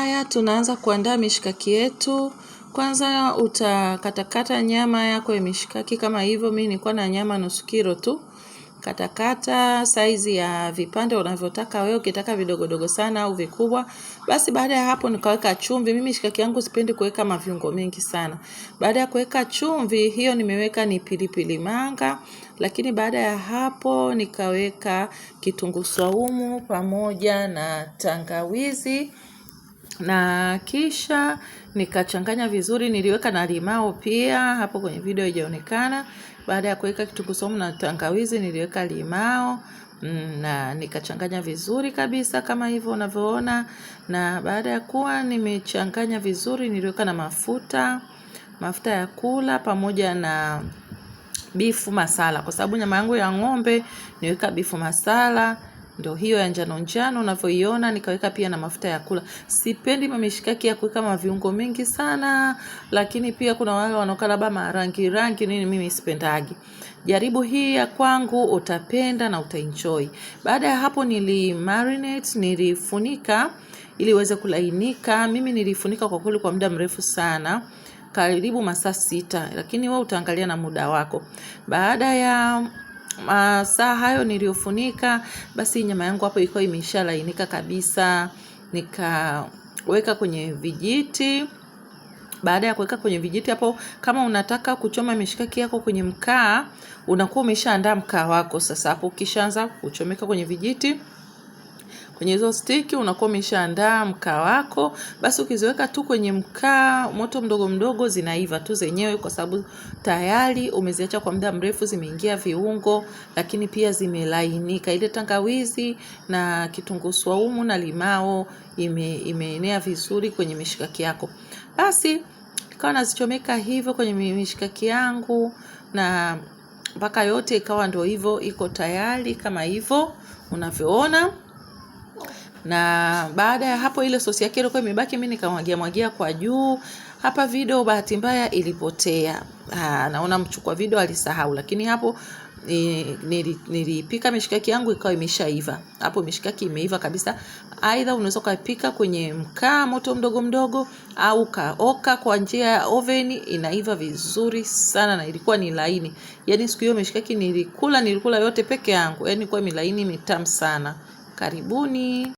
haya tunaanza kuandaa mishikaki yetu. Kwanza utakatakata nyama yako ya mishikaki kama hivyo, mimi nilikuwa na nyama nusu kilo tu. Katakata saizi ya vipande unavyotaka wewe, ukitaka vidogodogo sana au vikubwa. Basi baada ya hapo nikaweka chumvi. Mimi mishikaki yangu sipendi kuweka maviungo mengi sana. Baada ya kuweka chumvi hiyo nimeweka ni pilipili manga, lakini baada ya hapo nikaweka kitunguu saumu pamoja na tangawizi na kisha nikachanganya vizuri, niliweka na limao pia, hapo kwenye video haijaonekana. Baada ya kuweka kitunguu saumu na tangawizi, niliweka limao mm, na nikachanganya vizuri kabisa kama hivyo unavyoona. Na baada ya kuwa nimechanganya vizuri, niliweka na mafuta mafuta ya kula pamoja na bifu masala, kwa sababu nyama yangu ya ng'ombe niweka bifu masala. Ndio hiyo ya njano njano unavyoiona, nikaweka pia na mafuta ya kula. Sipendi mishikaki ya kuweka maviungo mengi sana, lakini pia kuna wale wanaoka labda marangi rangi nini, mimi sipendagi. Jaribu hii ya kwangu, utapenda na utaenjoy. Baada ya hapo, nili marinate nilifunika ili iweze kulainika. Mimi nilifunika kwa kweli kwa muda mrefu sana, karibu masaa sita, lakini wewe utaangalia na muda wako. Baada ya masaa ah, hayo niliyofunika, basi nyama yangu hapo ilikuwa imeshalainika kabisa. Nikaweka kwenye vijiti. Baada ya kuweka kwenye vijiti hapo, kama unataka kuchoma mishikaki yako kwenye mkaa, unakuwa umeshaandaa mkaa wako. Sasa hapo ukishaanza kuchomeka kwenye vijiti Kwenye hizo stiki unakuwa umeshaandaa mkaa wako, basi ukiziweka tu kwenye mkaa moto mdogo mdogo, zinaiva tu zenyewe, kwa sababu tayari umeziacha kwa muda mrefu, zimeingia viungo, lakini pia zimelainika. Ile tangawizi na kitunguu swaumu na limao ime, imeenea vizuri kwenye mishikaki yako. Basi nikawa nazichomeka hivyo kwenye mishikaki yangu na mpaka yote ikawa ndo hivyo iko tayari, kama hivyo unavyoona na baada ya hapo ile sosi yake ilikuwa imebaki, mimi nikamwagia mwagia kwa juu hapa. Video bahati mbaya ilipotea. Ah, naona mchukua video alisahau, lakini hapo nilipika mishikaki yangu ikawa imeshaiva. Hapo mishikaki imeiva kabisa. Aidha unaweza ukapika kwenye mkaa moto mdogo mdogo, au kaoka kwa njia ya oven, inaiva vizuri sana na ilikuwa ni laini. Yani siku hiyo mishikaki nilikula nilikula yote peke yangu, yani ilikuwa milaini mitamu sana. Karibuni.